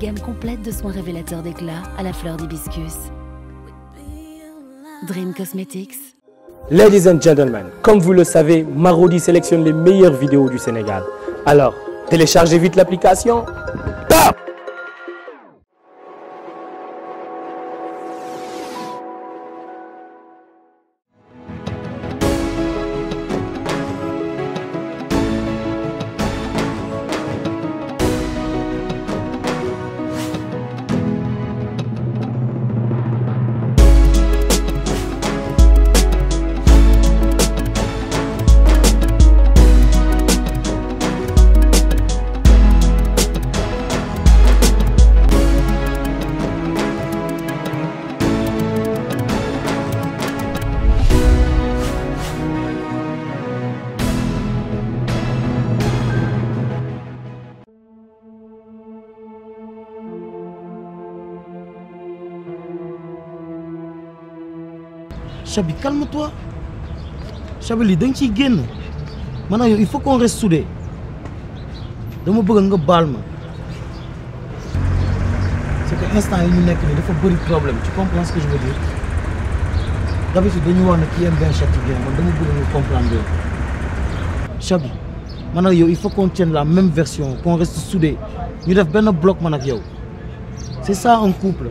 Gamme complète de soins révélateurs d'éclat à la fleur d'hibiscus. Dream Cosmetics. Ladies and gentlemen, comme vous le savez, Marodi sélectionne les meilleures vidéos du Sénégal. Alors, téléchargez vite l'application. Chabi calme-toi Chabi lii da nga ciy il faut qu'on reste soudé. dama bëgg nga baal ma c'est que instant a ñu nekk nii dafa bëri problème tu comprends ce que je veux dire d'habitude dañu wax ne qui aime bien châtie bien man dama bëgg nga comprendre Chabi man il faut qu'on tienne la même version qu'on reste soudé. ñu def benn bloc man ak c'est ça un couple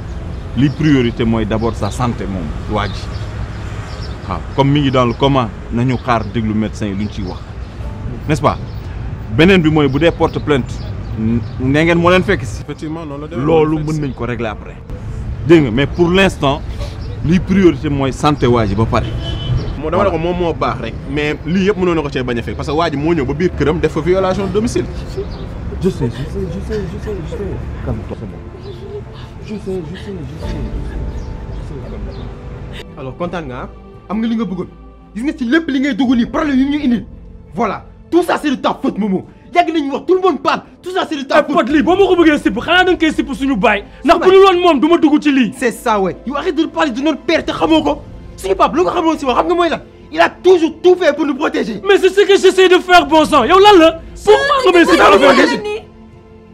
li priorité est d'abord sa santé moom waa comme mi ngi dans le coma nañu xaar des médecin yi lu ñu wax n'est-ce pas Benen bi moy bu porte plainte né ngeen mo len fekk si. effectivement noonu la demee mën nañ ko régler après. dégg mais pour l'instant li priorité moy santé waa ba paré mo dama ne mom mo bax rek mais li yépp mënoon na ci baña fekk parce que waa mo moo ñëw ba biir kërëm def fa violation de domicile. je sais je sais je sais je sais je sais je sais je sais alors kontaan nga am nga li nga bëggoon gis nga ci lépp li ngay dugg nii problème yi ñu voilà tout ça c'est de ta faute Momo yàgg nañu wax tout le monde parle tout ça c'est de ta faute. Pod lii boo ma ko bëggee sipp xanaa da nga koy sipp suñu baay. ndax bu dul woon moom du ma dugg ci c'est ça ouais arrête de parler de notre père te xamoo ko suñu papa lu nga xamoon si ma xam nga mooy il a toujours tout fait pour nous protéger. mais c'est ce que j'essaie de faire bon sang yow lan la. pour ma nga may si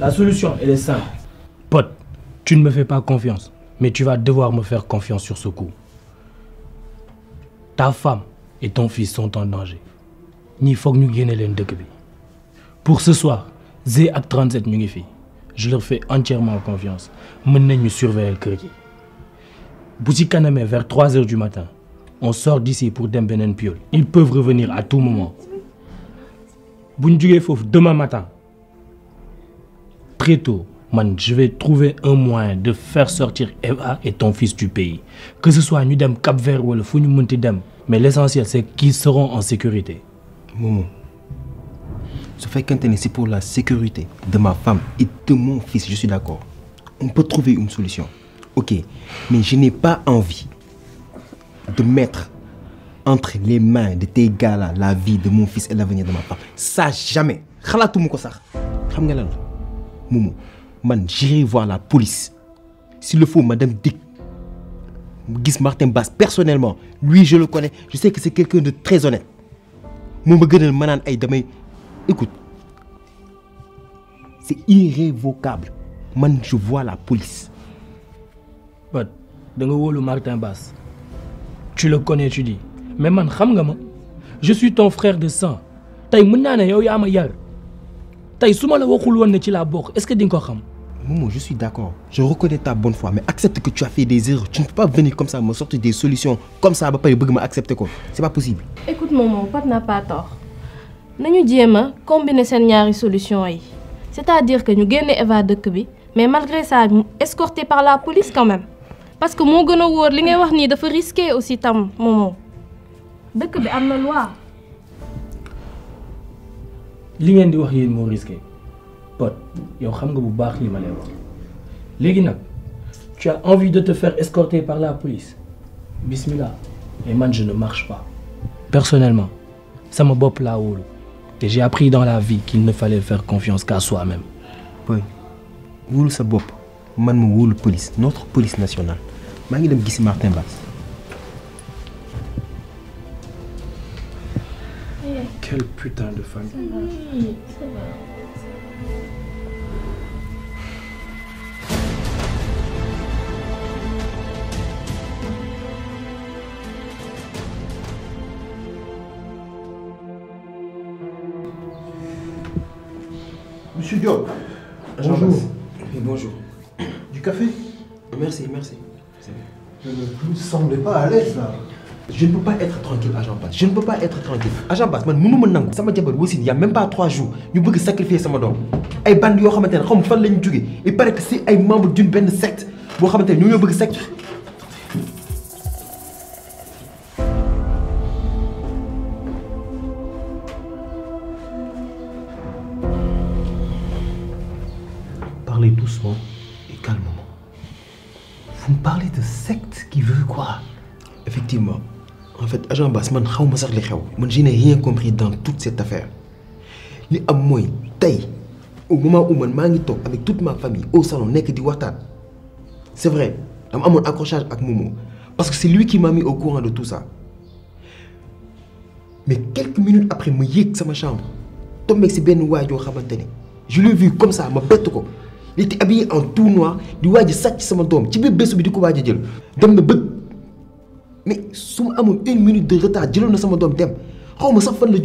La solution, est simple. Pote, tu ne me fais pas confiance, mais tu vas devoir me faire confiance sur ce coup. Ta femme et ton fils sont en danger. Ni faut que nous Pour ce soir, Z 37 je leur fais entièrement confiance. Menez nous surveiller le crédit. vers 3h du matin, on sort d'ici pour Dembenen Piol. Ils peuvent revenir à tout moment. Bunjugé demain matin, très tôt, man, je vais trouver un moyen de faire sortir Eva et ton fils du pays. Que ce soit Nudem, Cap Vert ou le Mais l'essentiel, c'est qu'ils seront en sécurité. Momo, ce fait qu'un c'est pour la sécurité de ma femme et de mon fils, je suis d'accord. On peut trouver une solution. Ok, mais je n'ai pas envie de mettre entre les mains de tes gars la vie de mon fils et l'avenir de ma femme. Ça, jamais. Khalatoumou ça. Momo, j'irai voir la police. S'il le faut, Madame Dick, Guis Martin Bass, personnellement, lui, je le connais. Je sais que c'est quelqu'un de très honnête. Momo Manan écoute, c'est irrévocable. Man, je vois la police. But, Martin Bass, tu le connais, tu dis. Mais je suis ton frère de sang. Tu es mon frère de tey la waxul ci est-ce que Momo je suis d'accord je reconnais ta bonne foi mais accepte que tu as fait des erreurs tu ne peux pas venir comme ça me sortir des solutions comme ça ba pare bëgg accepter ko c'est pas possible. écoute Momo papa n'a pas tort Nous disons combien combiner seen ñaari solution yi c'est-à-dire que ñu génne Eva de bi mais malgré ça escorté par la police quand même parce que mon gën l'ingénieur, wóor li faire wax dafa risqué aussi tam Momo De bi am loi li ngeen di wax yéen moo risqué Pod yow xam nga bu li ma tu as envie de te faire escorter par la police bismillah et man je ne marche pas personnellement me suis la wóolu que j'ai appris dans la vie qu'il ne fallait faire confiance qu'à soi-même Oui. Je sa la man ma la police notre police nationale Je ngi dem Martin Bass Quelle putain de femme. Monsieur Diop. Bonjour. Oui, bonjour. Du café Merci, merci. Vous ne semblez pas à l'aise là je ne peux pas être tranquille agent Bass je ne peux pas être tranquille agent Bass man m'a nangu sama jabar Il n'y a même pas trois jours nous bëgg sacrifier sama doom ay bande yoo xamante ne xam fan la ñu jógee il paraît que c'est un membre d'une benn secte boo xamante ne ñoo secte agent Bass man xaw ma sax li xew man je rien compris dans toute cette affaire li am mooy au moment où man maa avec toute ma famille au salon nekk di c'est vrai dama mon accrochage ak Momo parce que c'est lui qui m'a mis au courant de tout ça mais quelques minutes après ma yéeg sama chambre ton mec ben waay joo xamante je l'ai vu comme ça ma bett quoi. il était habillé en tout noir di waaj a sàcc sama doom ci biir bés bi di ko waaj a le dem mais si une minute de retard j'ai na sama doom dem ne sais sax fan la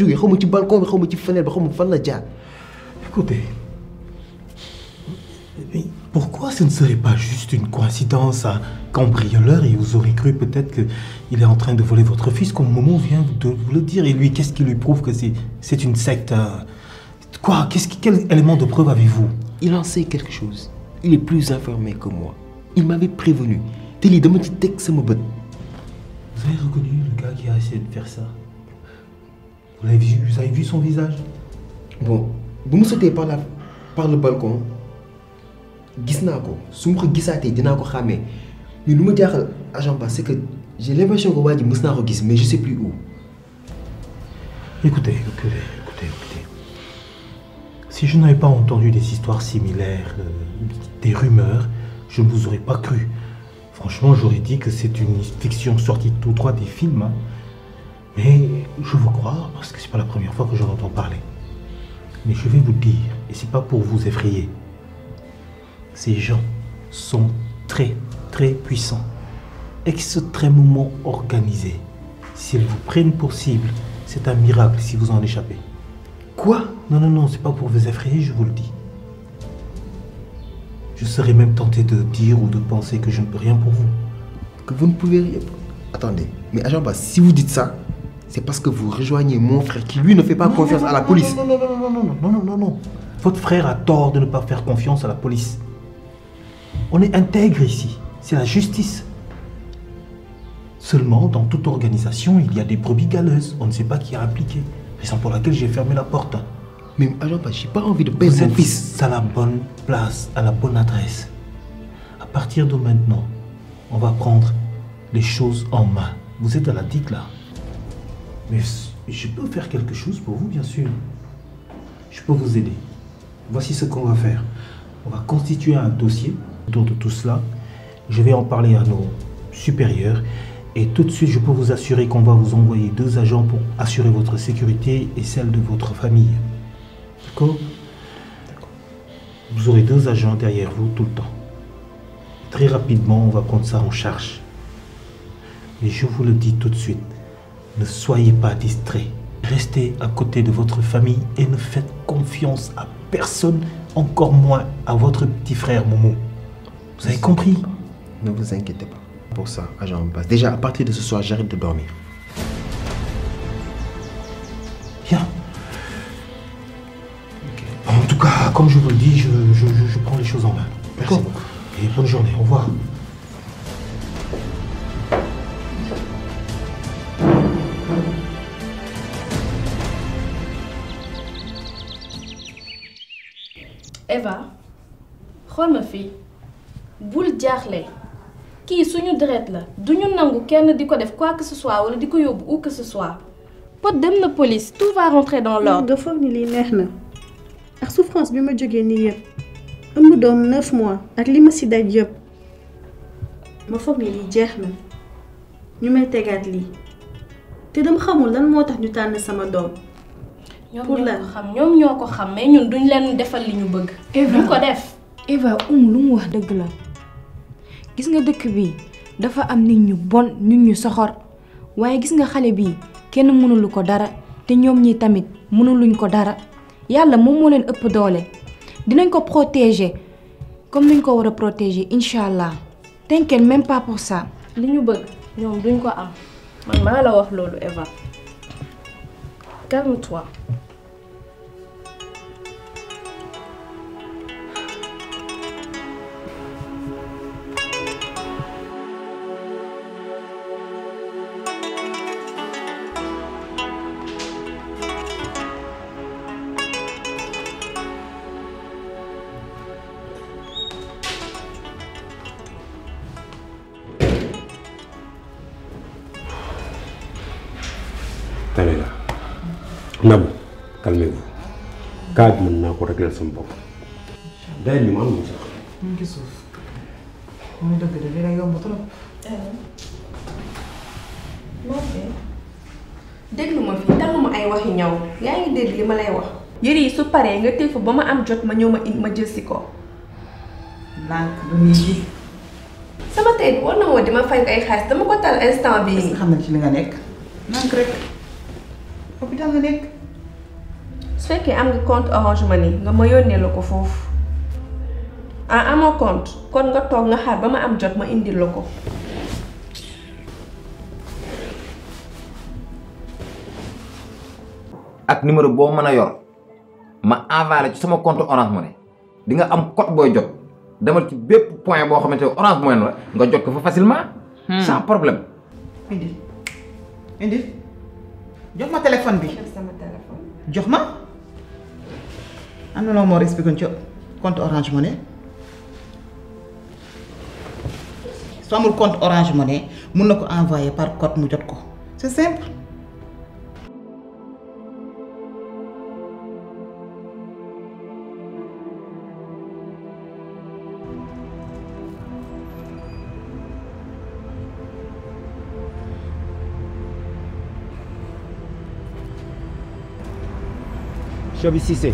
la écoutez pourquoi ce ne serait pas juste une coïncidence à cambrioleur et vous auriez cru peut-être qu'il est en train de voler votre fils comme Momo vient de vous le dire et lui qu'est-ce qui lui prouve que c'est c'est une secte euh, quoi qu'est-ce quel élément de preuve avez-vous il en sait quelque chose il est plus informé que moi il m'avait prévenu Télé, lii dama ci teg sama vous avez reconnu le gars qui a essayé de faire ça Vous avez vu, vous vu son visage Bon, vous me sautez par la par le balcon gis naa ko su ma vu mais lu ma c'est que j'ai l'impression que je ji mais je ne sais plus où. Écoutez, écoutez, écoutez, écoutez. Si je n'avais pas entendu des histoires similaires, euh, des rumeurs, je ne vous aurais pas cru franchement, j'aurais dit que c'est une fiction sortie tout droit des films. Hein. Mais je vous crois parce que c'est pas la première fois que j'en entends parler. Mais je vais vous dire, et c'est pas pour vous effrayer, ces gens sont très très puissants, extrêmement organisés. S'ils vous prennent pour cible, c'est un miracle si vous en échappez. Quoi Non non non, c'est pas pour vous effrayer, je vous le dis. Je serais même tenté de dire ou de penser que je ne peux rien pour vous. Que vous ne pouvez rien pour... Attendez, mais agent si vous dites ça, c'est parce que vous rejoignez mon frère qui lui ne fait pas confiance à la police. Non, non, non, non, non, non, non, non. Votre frère a tort de ne pas faire confiance à la police. On est intègre ici. C'est la justice. Seulement, dans toute organisation, il y a des brebis galeuses. On ne sait pas qui a appliqué. Raison pour laquelle j'ai fermé la porte. Mais alors, bah, j'ai pas envie de perdre mon fils. à la bonne place, à la bonne adresse. À partir de maintenant, on va prendre les choses en main. Vous êtes à la dite là. Mais je peux faire quelque chose pour vous, bien sûr. Je peux vous aider. Voici ce qu'on va faire. On va constituer un dossier autour de tout cela. Je vais en parler à nos supérieurs. Et tout de suite, je peux vous assurer qu'on va vous envoyer deux agents pour assurer votre sécurité et celle de votre famille. D'accord. vous aurez deux agents derrière vous tout le temps. Très rapidement, on va prendre ça en charge. Mais je vous le dis tout de suite, ne soyez pas distrait. Restez à côté de votre famille et ne faites confiance à personne, encore moins à votre petit frère Momo. Vous avez compris Ne vous inquiétez pas pour ça, agent passe. Déjà, à partir de ce soir, j'arrête de dormir. Yeah. comme je vous le dis, je, je, je prends les choses en main. Merci beaucoup. Et bonne journée. Au revoir. Eva xool ma fille, boule jaaxle Qui suñu deret la duñu nangu kenn di ko def quoi que ce soit ou di ko yóbbu où que ce soit. Pod dem na police tout va rentrer dans l'ordre. dafa ni que neex ak souffrance bi ma jógee nii yëpp ëmb doom neuf mois ak li ma ci daj yëpp ma foog ne jeex na ñu may tegaat lii te dama xamul lan moo tax ñu tànn sama doom. pour la xam ñoom ñoo ko xam mais ñun duñ leen defal li ñu bëgg. duñ ko def. Eva um lu mu wax dëgg la gis nga dëkk bi dafa am nit ñu bon nit ñu soxor waaye gis nga xale bi kenn mënulu ko dara te ñoom ñi tamit mënuluñ ko dara. yàlla moom moo leen ëpp doole ko protéger comme sont ko protéger incha t'inquiète même pas pour ça. li ñu bëgg duñ ko am man maa Eva calme-toi. sama bopp. day bi maa ngi sax. mu ngi suuf mooy dëgg de dina yomb trop. Euh, déglu ma fi tànn ma ay waxi ñaw yaa ngi dégg li ma lay wax. yëre yi su paree nga téye fa ba ma am jot ma ñëw ma indi ma jël si ko. ndànk ba muy ji. sama tey war na ma di ma fay ay xaalis dama ko tal instant bii. xam na ci li nga nekk ndànk rek hôpital nga nekk. su fekkee am nga compte orange money nga ma yónnee la ko foofu ah amoo compte kon nga toog nga xaar ba ma am jot ma indil la ko ak numéro boo mën a yor ma envoyé ci sama compte orange money di nga am code booy jot demal ci bépp point boo xamante orange money la nga jot ko fa facilement. Hmm. sans problème. indil indil jox ma téléphone bi. jox ma. am na loo moo expliqué ci compte orange monnaie. su amul compte orange monnaie, mun na ko envoyé par code mu jot ko c'est simple. Chobi Cissé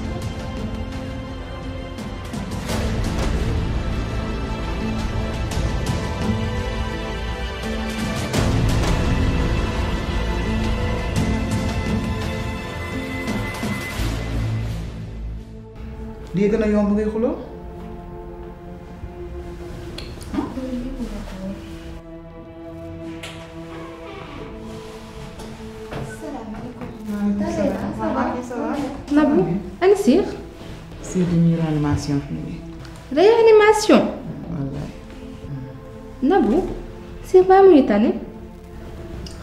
C'est gën yomb ngay xuloo Sir. réanimation la réanimation. c'est Sir baa muy tane.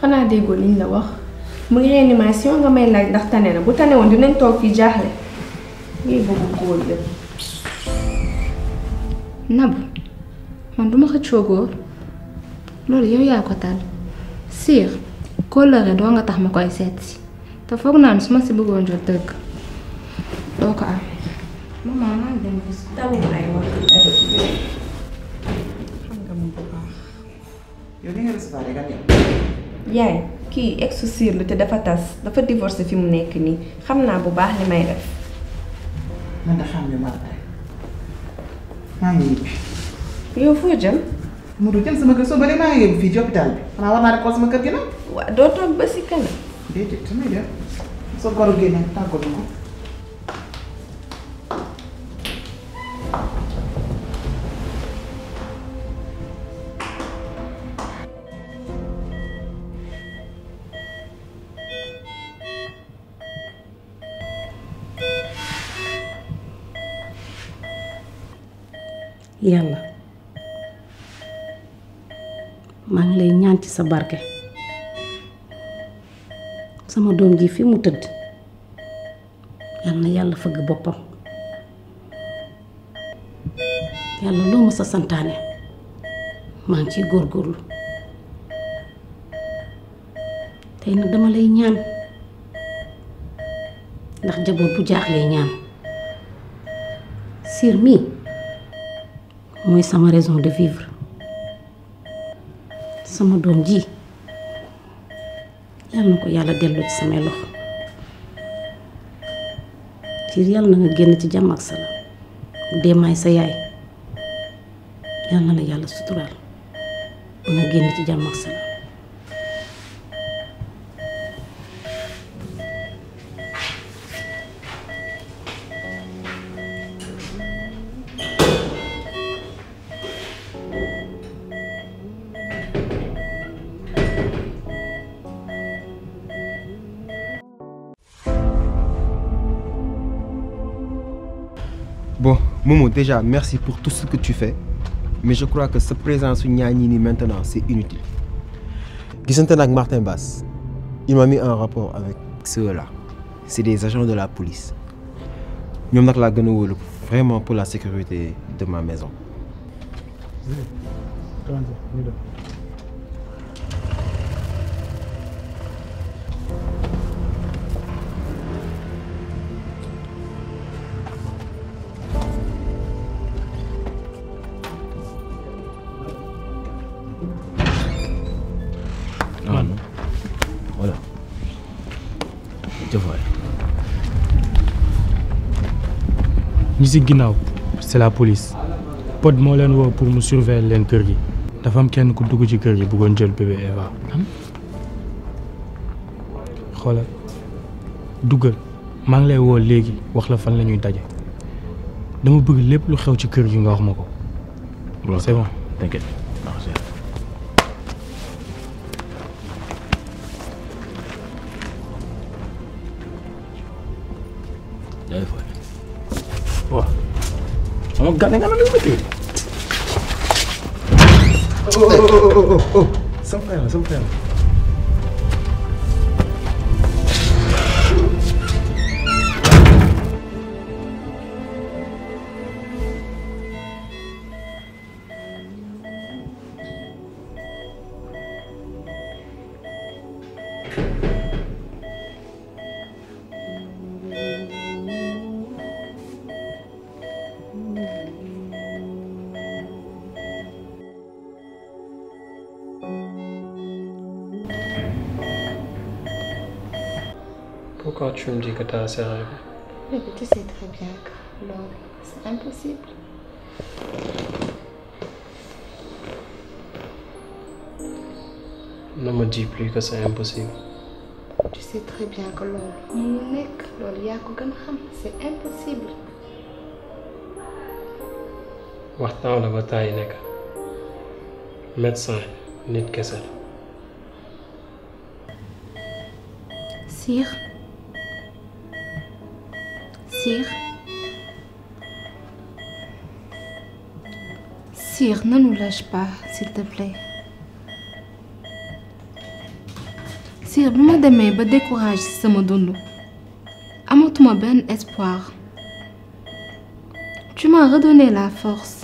xanaa liñ la wax mu réanimation nga may laaj ndax tane na bu tane woon dinañ lii nabu man duma xëccoo góor loolu yow yaa ko tal siir kóllëre doo nga tax ma koy seetsi te foog naa su ma si bëggoon jot dëgg doo ko am yaay kii ex siir te dafa tas dafa divorce fi mu nekk nii xam naa bu baax li may def man de xam nga maa tey maa ngi yóbbu. yow foo jëm. mu du jëm sama kër soo ba maa ngi fii ci bi xanaa war naa ne koo sama kër gi nag. waaw doo toog ba si kanam. déedéet damay dem soo ko war a génne tàggatu ko. yalla maa ngi lay ñaan ci sa barke sama doom ji fi mu tëdd yàlla yalla yàlla fëgg boppam yàlla loo ma sa santaane maa ngi ciy góorgóorlu tey dama lay ñaan ndax bu ñaan moy sama raison de vivre sama doom ji yàlla na ko yàlla dellu ci sama lox ci yàlla na nga genn ci jàmm ak salaam dee maay sa yaay yàlla na yalla sutural nga genn ci jàmm ak salaam Momo, déjà, merci pour tout ce que tu fais. Mais je crois que ce présence Nyanini maintenant, c'est inutile. avec Martin Bass, il m'a mis en rapport avec ceux-là. C'est des agents de la police. Nous avons vraiment pour la sécurité de ma maison. si ginnaaw c'est la police Pod mo len woo pour me surveiller leen kër gi dafa am kenn ku dugg ci kër gi bëggon jël bébé Eva hmm? xoolal duggal maa ngi lay wo légui wax la fan lañuy dajé dama bëgg lépp lu xew ci kër gi nga wax mako ko. c'est bon t'inquiète. no got nothing to do with it. Oh, oh, oh, oh, oh, oh. something. fella, some fella. tu me dis que tu as assez rêvé Mais tu sais très bien que l'homme, c'est impossible. Ne me dis plus que c'est impossible. Tu sais très bien que l'homme, mon mec, c'est impossible. waxtaan la ba tàyyi nekk médecin nit kese la. Sire. Sire ne nous lâche pas, s'il te plaît. Sire, me ma pas ce décourage me donne. dund moi bon espoir tu m'as redonné la force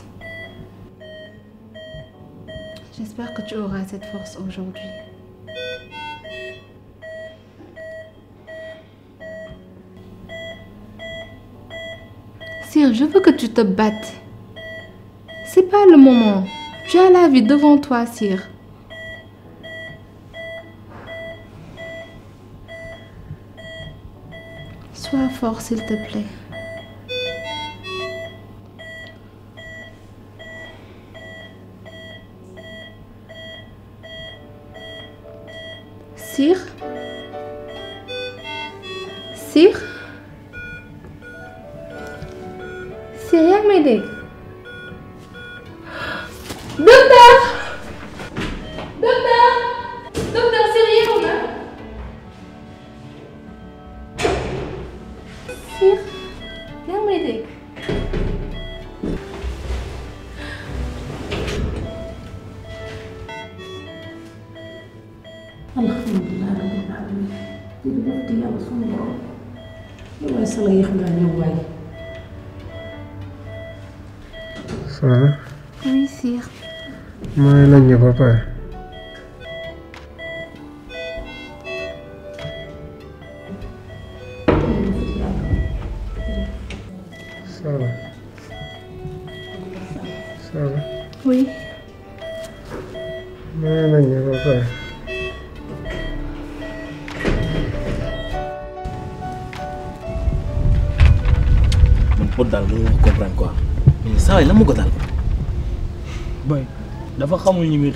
j'espère que tu auras cette force aujourd'hui je veux que tu te battes. C'est pas le moment. Tu as la vie devant toi, Sire. Sois fort, s'il te plaît. Sire Sire Kimseye yakmadık. Doktor!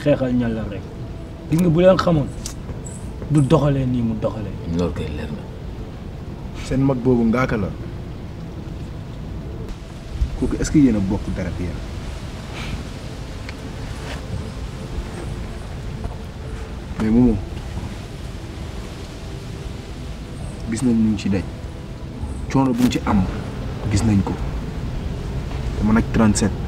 xeexal ñàllal rek gis nga bu leen xamoon du doxalee nii mu doxalee. loolu kay leer na. seen mag boobu ngaaka la kooku est-ce que yéen a bokk yéen. mais gis nañ ñu ci coono bu ñu ci am gis nañ ko te 37.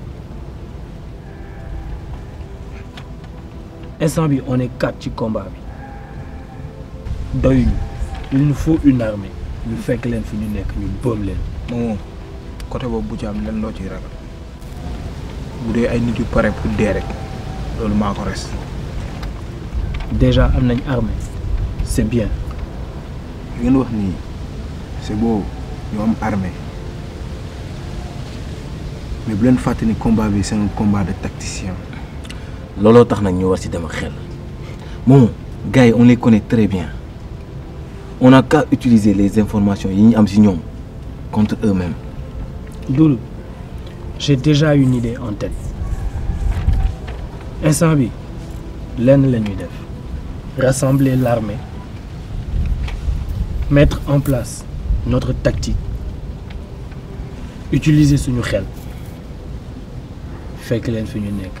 instant bi on est quatre ci combat bi il nous faut une armée ñu fait que fi ñu nekk ñu boom leen. moom côté boobu bu ci am lenn loo Vous ragal bu dee ay pour dee dans le maa déjà am nañ armée c'est bien. li wax c'est beau ñu am armée mais bu leen fàtte combat bi c'est un combat de tacticien. C'est ce que ñu war à bon gars on les connaît très bien on n'a qu'à utiliser les informations qu'ils ont contre eux-mêmes. Doulou, j'ai déjà une idée en tête Un bi de la rassembler l'armée mettre en place notre tactique utiliser ce xel fekk que fi ñu nous.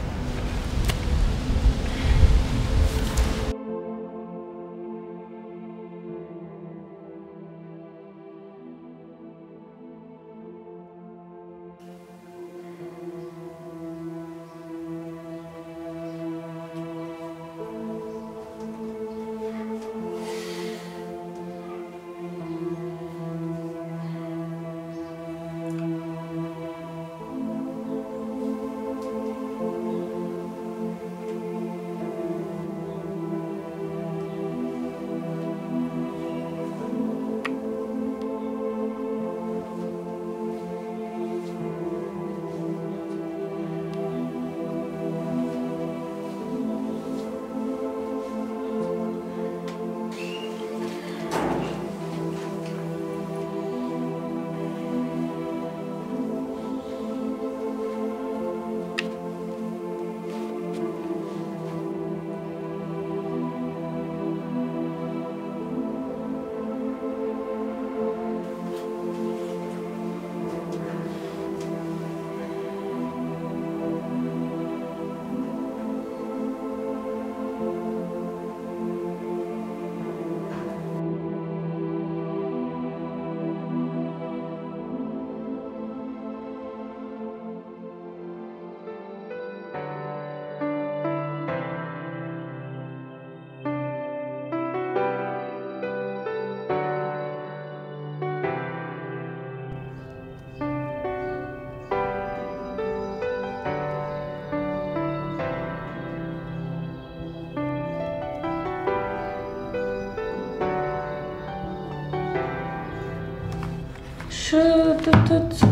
note.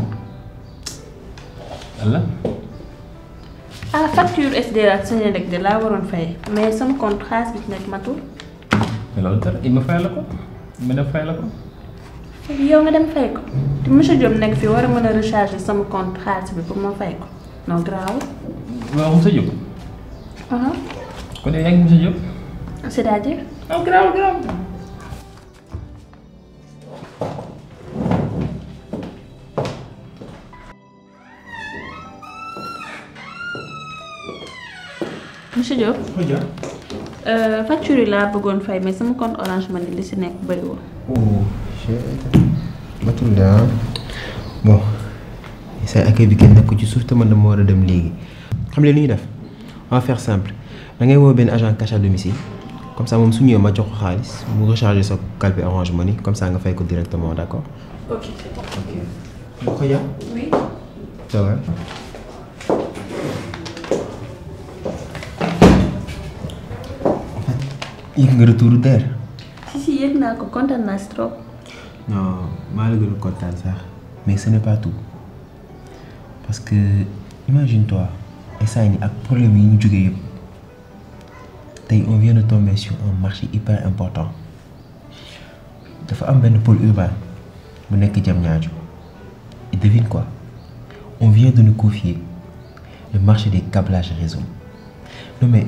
lan. ah facture SDE la ak Senelec de la waroon fay mais son contrat xaalis bi ci nekk mais loolu dara il me fay la ko ma dem fayal la ko. yow nga dem fay ko te monsieur Diop nek fi war a mën recharger son contrat xaalis bi pour ma fay ko non grave. waaw monsieur Diop. Uh-huh. kon yow yaa ngi monsieur Diop. c'est-à-dire. non ah, grave grave. Diop. Euh, facture yi laa bëggoon fay mais sama compte orange money li si nekk bëriwul. oh Mathilda ah. bon say accueil bi kenn nekk ci suuf te man dama war a dem léegi. xam leen lu ñuy def on va faire simple da ngay woo benn agent cash à domicile comme ça moom su ñëwee ma jox xaalis mu recharger sa calpe orange money comme ça nga fay ko directement d' accord. yëg nga retour terre. si si yëg naa ko kontaan naa si trop. non maa la gën a sax mais ce n'est pas tout parce que imagine toi instant yi ak problème yi ñu jógee yëpp tey on vient de tomber sur un marché hyper important dafa am benn pôle urbain bu nekk Diamniadio et devine quoi on vient de nous confier le marché des câblages réseau non mais.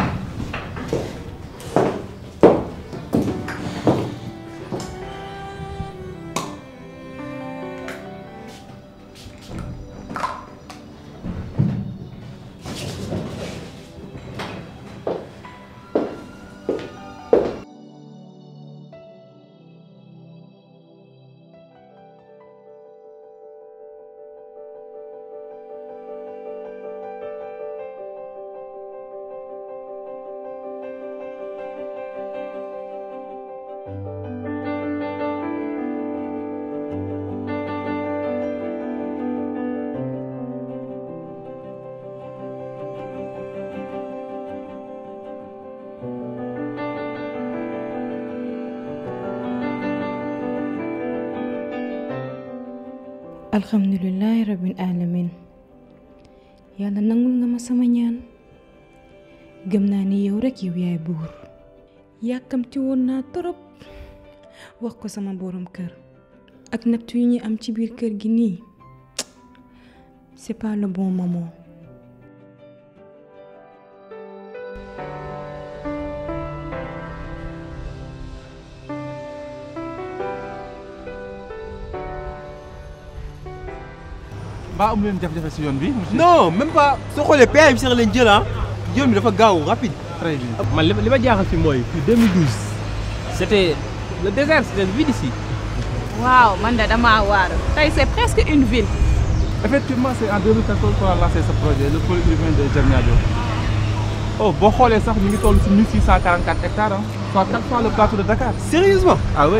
Alhamdulillah, Rabbil Alamin. Yana nangulngamasama ñaan gëm naa ni yow rekk yow yaay buur yàkkamti woon naa torop wax ko sama borom kër ak nattu yu am ci biir kër gi nii c'est pas le bon moment non même pas Ce qu'on les bi sax lañ jël ah yoon dafa rapide. très bien man li ma jaaxal fi 2012 C'était le désert c'était une vide ici. Waouh, man de damaa presque une ville. effectivement c'est en 2014 qu'on a lancé ce projet le de urbain de Diamniadio. oh boo les sax ñu ngi toll 1644 hectares hein, soit 4 fois le plateau de Dakar. sérieusement ah oui.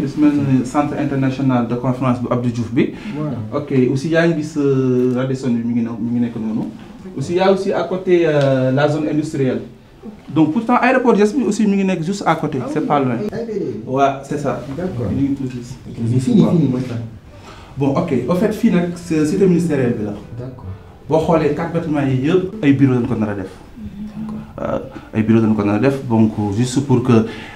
gis nañu centre international de conférence de Abdou Diouf bi. ok aussi il y a une bi radisson ngi mi ngi nekk noonu. aussi y' a aussi à côté euh, la zone industrielle. donc pourtant aéroport Diass aussi mi ngi juste à côté ah C'est pas loin. Ah ouais, c'est ça. D'accord. Il y ngi bon ok au fait fii nag site ministériel bi la. d' accord boo quatre bâtiments yi yëpp ay bureau lañ ko nar a def. Euh, ay bureau lañ ko nar def donc juste pour que.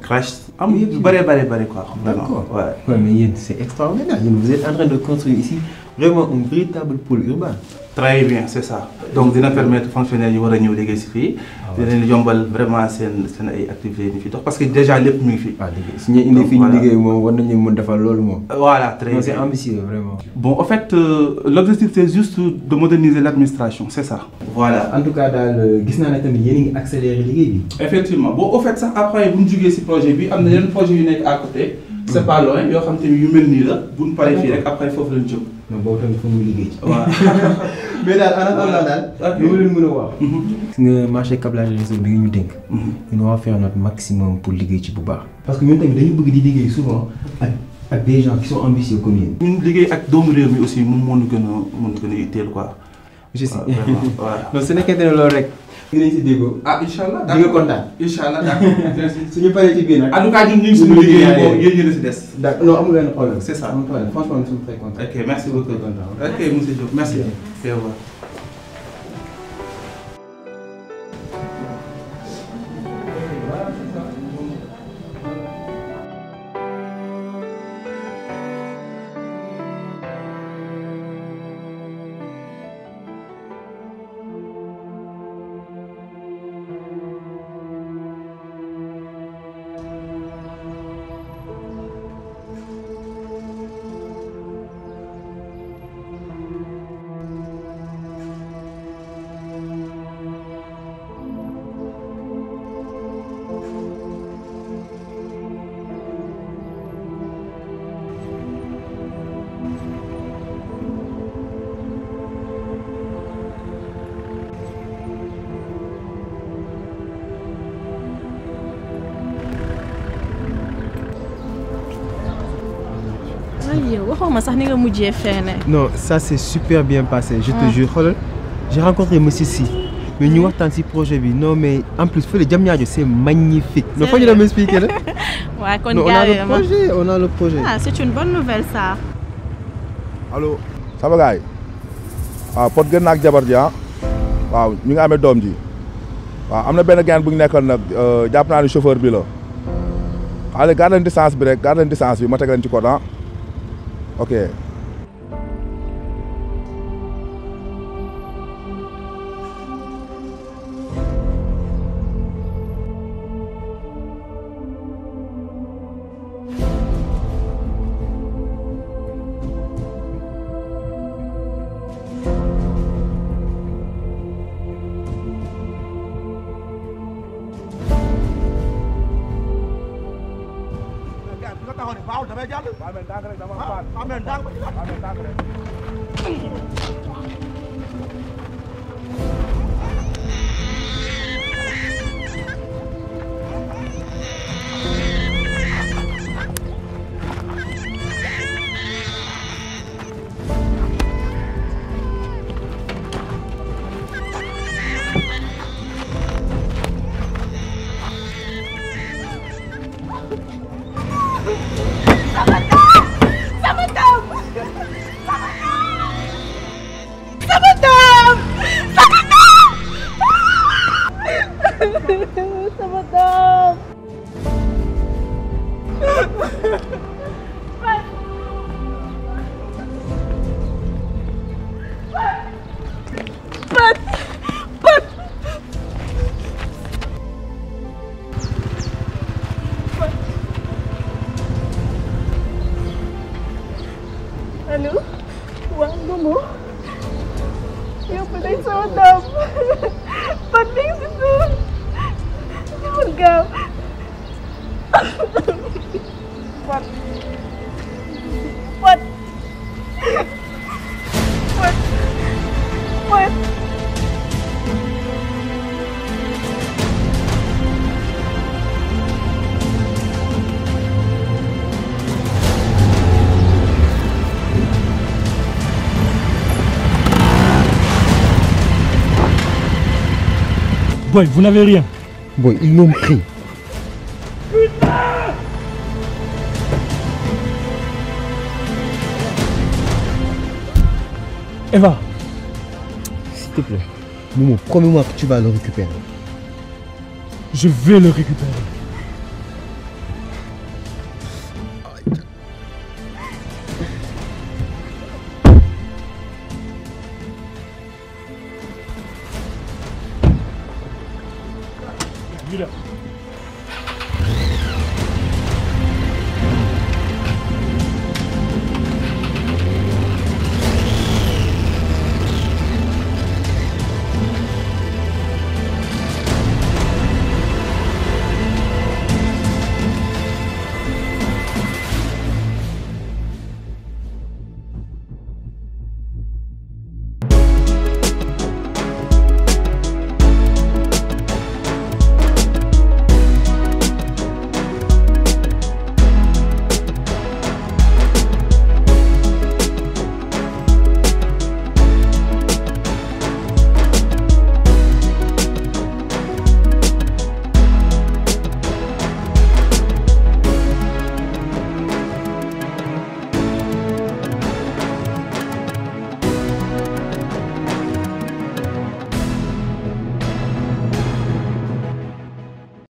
crash am quoi. d'accord mais c'est extraordinaire vous êtes en train de construire ici vraiment un véritable pôle urbain très bien c'est ça donc dina permettre fonctionnaires de war a ici. des ah vraiment sen sen ay parce que déjà les mu fi. waaw indi fi ñu liggéey moom war nañu euh, voilà très bien c'est ambitieux vraiment. bon en fait euh, l'objectif c'est juste de moderniser l'administration, c'est ça. voilà en tout cas dans euh, gis na ne tamit ngi accéléré effectivement bon au fait ça après vous ñu ce projet bi amna un projet à côté c'est pas loin yo xam te yu mel nii la bu ñu paree fii rek après foofu lañ jëm. non boobu tamit fu mu liggéey. mais dal ana daal. ok li ma leen mën a wax. Mhm. nga marché câblage réseau bi ñu dénk. Mhm. ñun waa faire notre maximum pour liggéey ci bu baax. parce que ñun tamit dañu bëgg di liggéey souvent ak ak des gens qui sont ambitieux comme yéen. ñun liggéey ak doomu réew mi aussi mu moo gëna gën a mën quoi. je sais waaw waaw. non su nekkee ne loolu rek. di nga si déggoo. ah incha allah kontaan. incha allah d'accord suñu paree ci biir nag. en tout cas ñun ñu ngi suñu liggéey boobu la si des. d'accord non amul benn problème. c'est ça amul problème franchement nous sommes très contents. ok merci beaucoup ok monsieur Diop merci. au revoir. xaw ma sax ni nga mujjee feene non ça c'est super bien passé je te ah. jure j'ai rencontré monsieur Sy mais ñu mm. waxtaan ci projet bi non mais en plus fële jam c'est magnifique non fa ñu m'expliquer expliqué la waaw kon gaawee on a le euh, projet on a le projet ah c'est une bonne nouvelle ça allo sama gars yi waaw pot gën naak jabar ji ah waaw ñu ngi amee doom ji waaw am na benn gaan bu ñu nekkoon nag euh, jàpp naa ne chauffeur bi la xaale garde leen distance bi rek garde leen distance bi ma teg leen ci code ah Okay Amin dang rek dama faat. Amin dang. Amin dang rek. Boy, vous n'avez rien. Boy, ils m'ont pris. Eva S'il te plaît, Momo, promets-moi que tu vas le récupérer. Je vais le récupérer.